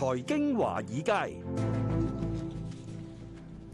財經華爾街。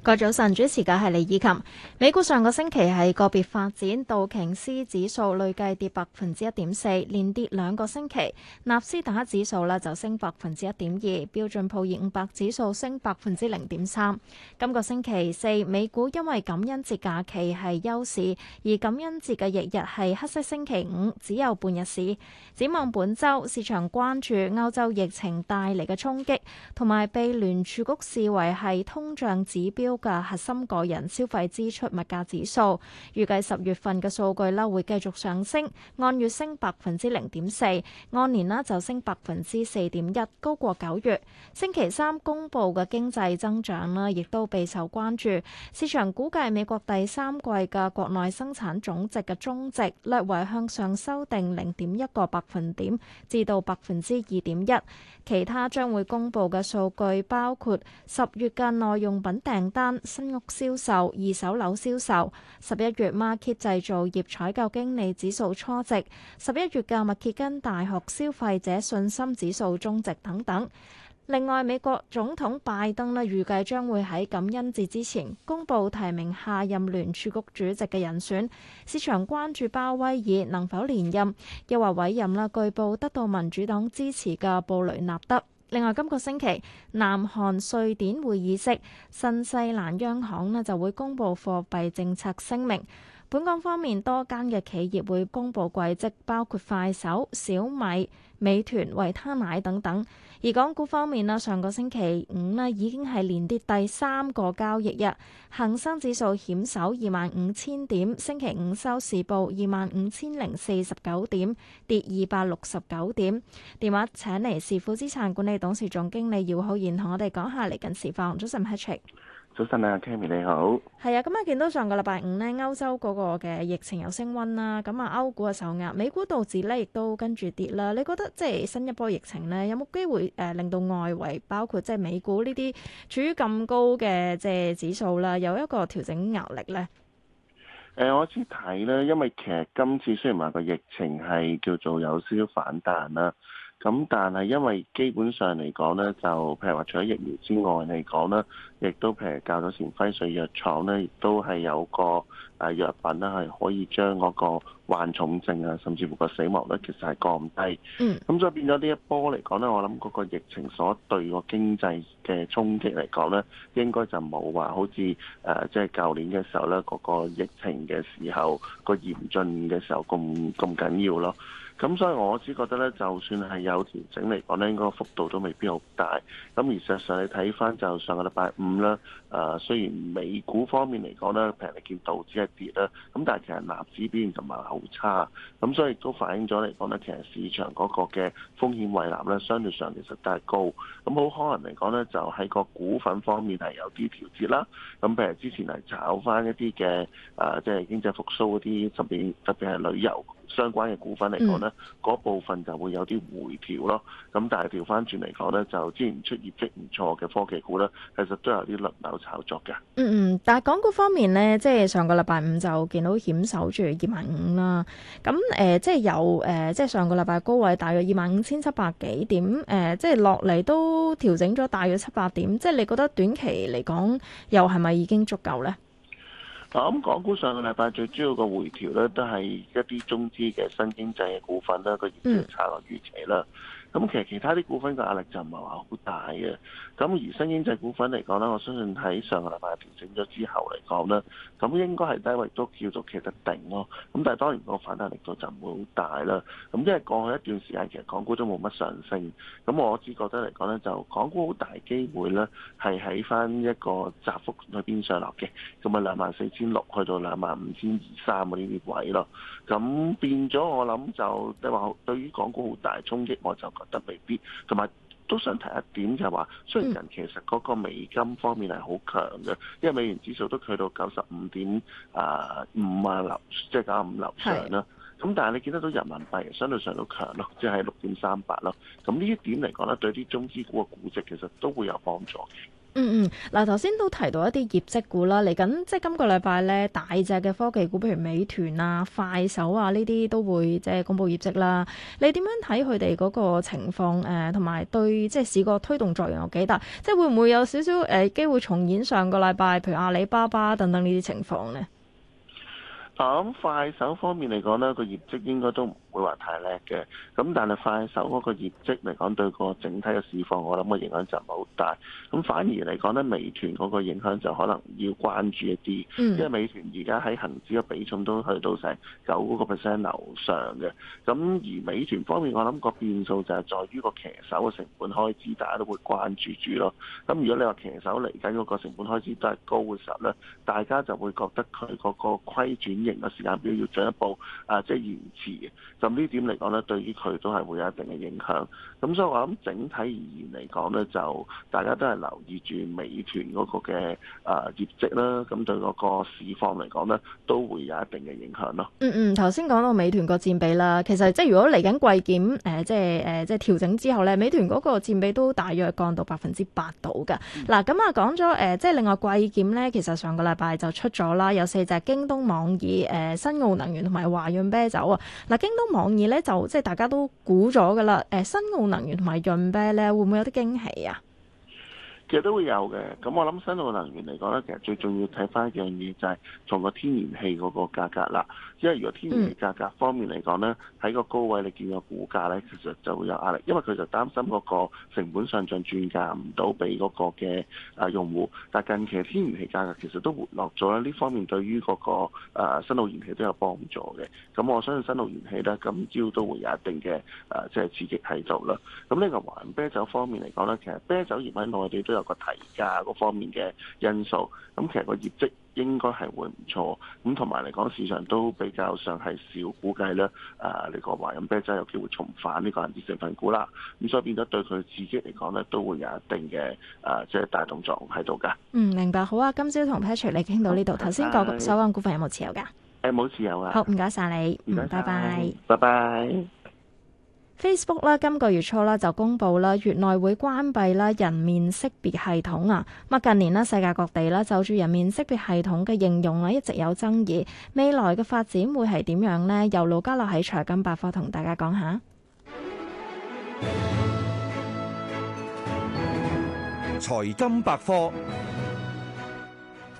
各位早晨，主持嘅係李以琴。美股上個星期係個別發展，道瓊斯指數累計跌百分之一點四，連跌兩個星期。納斯達克指數呢就升百分之一點二，標準普爾五百指數升百分之零點三。今個星期四美股因為感恩節假期係休市，而感恩節嘅翌日係黑色星期五，只有半日市。展望本周，市場關注歐洲疫情帶嚟嘅衝擊，同埋被聯儲局視為係通脹指標。嘅核心個人消費支出物價指數預計十月份嘅數據啦，會繼續上升，按月升百分之零點四，按年啦就升百分之四點一，高過九月。星期三公布嘅經濟增長啦，亦都備受關注。市場估計美國第三季嘅國內生產總值嘅中值略為向上修訂零點一個百分點至到百分之二點一。其他將會公布嘅數據包括十月嘅耐用品訂單。新屋銷售、二手樓銷售、十一月 Markit 製造業採購經理指數初值、十一月嘅密歇根大學消費者信心指數終值等等。另外，美國總統拜登呢預計將會喺感恩節之前公佈提名下任聯儲局主席嘅人選，市場關注鮑威爾能否連任，又或委任啦據報得到民主黨支持嘅布雷納德。另外，今個星期，南韓、瑞典會議息，新西蘭央行呢就會公布貨幣政策聲明。本港方面，多間嘅企業會公布季績，包括快手、小米。美團、維他奶等等，而港股方面啊，上個星期五咧已經係連跌第三個交易日，恒生指數險守二萬五千點，星期五收市報二萬五千零四十九點，跌二百六十九點。電話請嚟市府資產管理董事總經理姚浩然同我哋講下嚟緊市況。早晨，Patrick。早晨啊 Kami 你好。係啊，咁啊，見到上個禮拜五呢，歐洲嗰個嘅疫情有升溫啦，咁啊，歐股嘅受壓，美股道指呢亦都跟住跌啦。你覺得即係新一波疫情呢，有冇機會誒令到外圍包括即係美股呢啲處於咁高嘅即係指數啦，有一個調整壓力咧？誒、呃，我先睇呢，因為其實今次雖然話個疫情係叫做有少少反彈啦。咁但係因為基本上嚟講咧，就譬如話除咗疫苗之外嚟講咧，亦都譬如教咗前輝瑞藥廠咧，亦都係有個誒藥品咧，係可以將嗰個患重症啊，甚至乎個死亡率其實係降低。嗯，咁所以變咗呢一波嚟講咧，我諗嗰個疫情所對個經濟嘅衝擊嚟講咧，應該就冇話好似誒即係舊年嘅時候咧，嗰個疫情嘅時候，個嚴峻嘅時候咁咁緊要咯。咁所以我只覺得咧，就算係有調整嚟講咧，應該幅度都未必好大。咁而事實上你睇翻就上個禮拜五啦、呃，誒雖然美股方面嚟講咧平嚟見到道指一跌啦，咁但係其實納指表現就唔係好差。咁所以都反映咗嚟講咧，其實市場嗰個嘅風險胃納咧，相對上其實都係高。咁好可能嚟講咧，就喺個股份方面係有啲調節啦。咁譬如之前係炒翻一啲嘅誒，即係經濟復甦嗰啲，特別特別係旅遊相關嘅股份嚟講呢，嗰、嗯、部分就會有啲回調咯。咁但係調返轉嚟講呢，就之前出業績唔錯嘅科技股呢，其實都有啲輪流炒作嘅。嗯嗯，但係港股方面呢，即係上個禮拜五就見到險守住二萬五啦。咁誒、呃，即係有誒、呃，即係上個禮拜高位大約二萬五千七百幾點。誒、呃，即係落嚟都調整咗大約七百點。即係你覺得短期嚟講，又係咪已經足夠呢？我諗港股上個禮拜最主要嘅回調咧，都係一啲中資嘅新經濟嘅股份都係個業績差落預期啦。Mm. 咁其實其他啲股份嘅壓力就唔係話好大嘅，啊，咁而新經濟股份嚟講呢，我相信喺上個禮拜調整咗之後嚟講呢，咁應該係低位都叫做其實定企得定咯，啊。咁但係當然個反彈力度就唔會好大啦，啊。咁因為過去一段時間其實港股都冇乜上升，咁我只覺得嚟講呢，就港股好大機會呢係喺翻一個窄幅去邊上落嘅，咁啊兩萬四千六去到兩萬五千二三啊啲位咯。咁變咗我諗就即係話對於港股好大嘅衝擊，我就。得未必，同埋都想提一點就係、是、話，雖然人其實嗰個美金方面係好強嘅，因為美元指數都去到九十五點啊五啊流，即係九十五流上啦。咁是的 但係你見得到人民幣相對上都強咯，即係六點三八咯。咁呢一點嚟講咧，對啲中資股嘅估值其實都會有幫助嘅。嗯嗯，嗱，頭先都提到一啲業績股啦，嚟緊即係今個禮拜咧，大隻嘅科技股，譬如美團啊、快手啊呢啲都會即係公布業績啦。你點樣睇佢哋嗰個情況？誒、呃，同埋對即係市個推動作用有幾大？即係會唔會有少少誒、呃、機會重演上個禮拜，譬如阿里巴巴等等呢啲情況咧？嗯、快手方面嚟講呢個業績應該都唔會話太叻嘅。咁但係快手嗰個業績嚟講，對個整體嘅市況，我諗個影響就唔係好大。咁反而嚟講呢美團嗰個影響就可能要關注一啲，嗯、因為美團而家喺恒指嘅比重都去到成九嗰個 percent 樓上嘅。咁而美團方面，我諗個變數就係在於個騎手嘅成本開支，大家都會關注住咯。咁如果你話騎手嚟緊嗰個成本開支都係高嘅時候呢，大家就會覺得佢嗰個虧損。型嘅時間表要進一步啊，即係延遲嘅，咁呢點嚟講呢，對於佢都係會有一定嘅影響。咁所以我諗，整體而言嚟講呢，就大家都係留意住美團嗰個嘅啊業績啦。咁對嗰個市況嚟講呢，都會有一定嘅影響咯。嗯嗯，頭先講到美團個佔比啦，其實即係如果嚟緊季檢誒、呃，即係誒、呃、即係調整之後呢，美團嗰個佔比都大約降到百分之八度㗎。嗱，咁啊講咗誒，即係另外季檢呢，其實上個禮拜就出咗啦，有四隻京東、網易。誒，新奧能源同埋華潤啤酒啊，嗱，京東網易咧就即係大家都估咗㗎喇，誒，新奧能源同埋潤啤咧會唔會有啲驚喜啊？其實都會有嘅，咁我諗新澳能源嚟講呢，其實最重要睇返一樣嘢，就係從個天然氣嗰個價格啦。因為如果天然氣價格方面嚟講呢，喺個高位你見個股價呢，其實就會有壓力，因為佢就擔心嗰個成本上漲轉嫁唔到俾嗰個嘅用戶。但近期天然氣價格其實都回落咗，呢方面對於嗰個新澳燃氣都有幫助嘅。咁我相信新澳燃氣呢，今朝都會有一定嘅啊即係刺激喺度啦。咁呢個華潤啤酒方面嚟講呢，其實啤酒業喺內地都～有個提價嗰方面嘅因素，咁其實個業績應該係會唔錯，咁同埋嚟講市場都比較上係少，估計咧誒，呢個華潤啤酒有機會重返呢個藍籌成分股啦，咁所以變咗對佢自己嚟講咧，都會有一定嘅誒，即、呃、係大動作喺度噶。嗯，明白，好啊，今朝同 Patrick 你傾到呢度，頭先個守望股份有冇持有噶？誒、呃，冇持有啊。好，唔該晒你，嗯，拜拜，拜拜。拜拜 Facebook 啦，今個月初啦就公布啦，月內會關閉啦人面識別系統啊。咁近年啦，世界各地啦就住人面識別系統嘅應用啦，一直有爭議。未來嘅發展會係點樣呢？由盧家樂喺財金百科同大家講下。財金百科。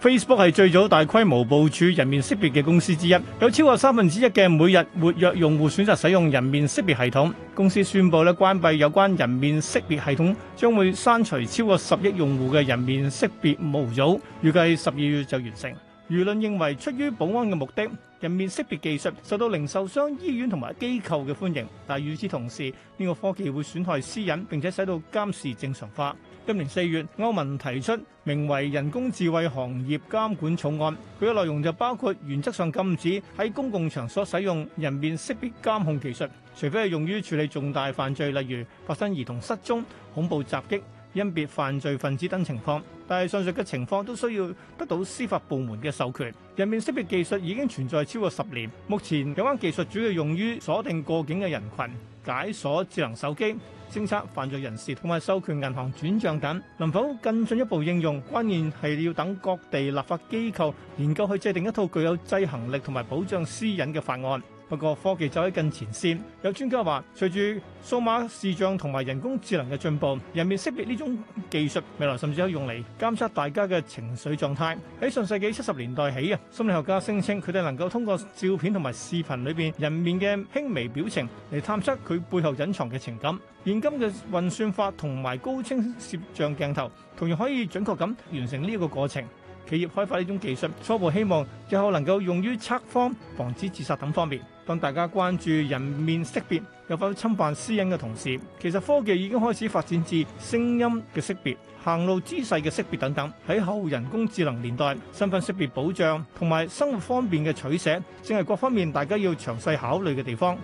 Facebook 係最早大規模部署人面識別嘅公司之一，有超過三分之一嘅每日活躍用戶選擇使用人面識別系統。公司宣布咧關閉有關人面識別系統，將會刪除超過十億用戶嘅人面識別模組，預計十二月就完成。輿論認為，出於保安嘅目的，人面識別技術受到零售商、醫院同埋機構嘅歡迎。但係與此同時，呢個科技會損害私隱，並且使到監視正常化。今年四月，歐盟提出名為人工智慧行業監管草案，佢嘅內容就包括原則上禁止喺公共場所使用人面識別監控技術，除非係用於處理重大犯罪，例如發生兒童失蹤、恐怖襲擊、甄別犯罪分子等情況。但係上述嘅情況都需要得到司法部門嘅授權。人面識別技術已經存在超過十年，目前有關技術主要用於鎖定過境嘅人群、解鎖智能手機、偵測犯罪人士同埋授權銀行轉賬等。能否更進一步應用，關鍵係要等各地立法機構研究去制定一套具有制衡力同埋保障私隱嘅法案。不過科技走喺近前線，有專家話，隨住數碼視像同埋人工智能嘅進步，人面識別呢種技術未來甚至可以用嚟監測大家嘅情緒狀態。喺上世紀七十年代起啊，心理學家聲稱佢哋能夠通過照片同埋視頻裏邊人面嘅輕微表情嚟探測佢背後隱藏嘅情感。現今嘅運算法同埋高清攝像鏡頭同樣可以準確咁完成呢個過程。企業開發呢種技術初步希望以後能夠用於測謊、防止自殺等方面。當大家關注人面識別，有否侵犯私隱嘅同時，其實科技已經開始發展至聲音嘅識別、行路姿勢嘅識別等等。喺後人工智能年代，身份識別保障同埋生活方便嘅取捨，正係各方面大家要詳細考慮嘅地方。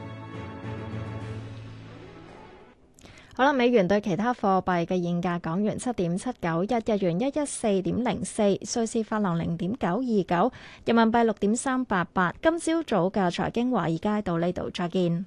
好啦，美元對其他貨幣嘅現價，港元七點七九一，日元一一四點零四，瑞士法郎零點九二九，人民幣六點三八八。今朝早嘅財經華爾街到呢度，再見。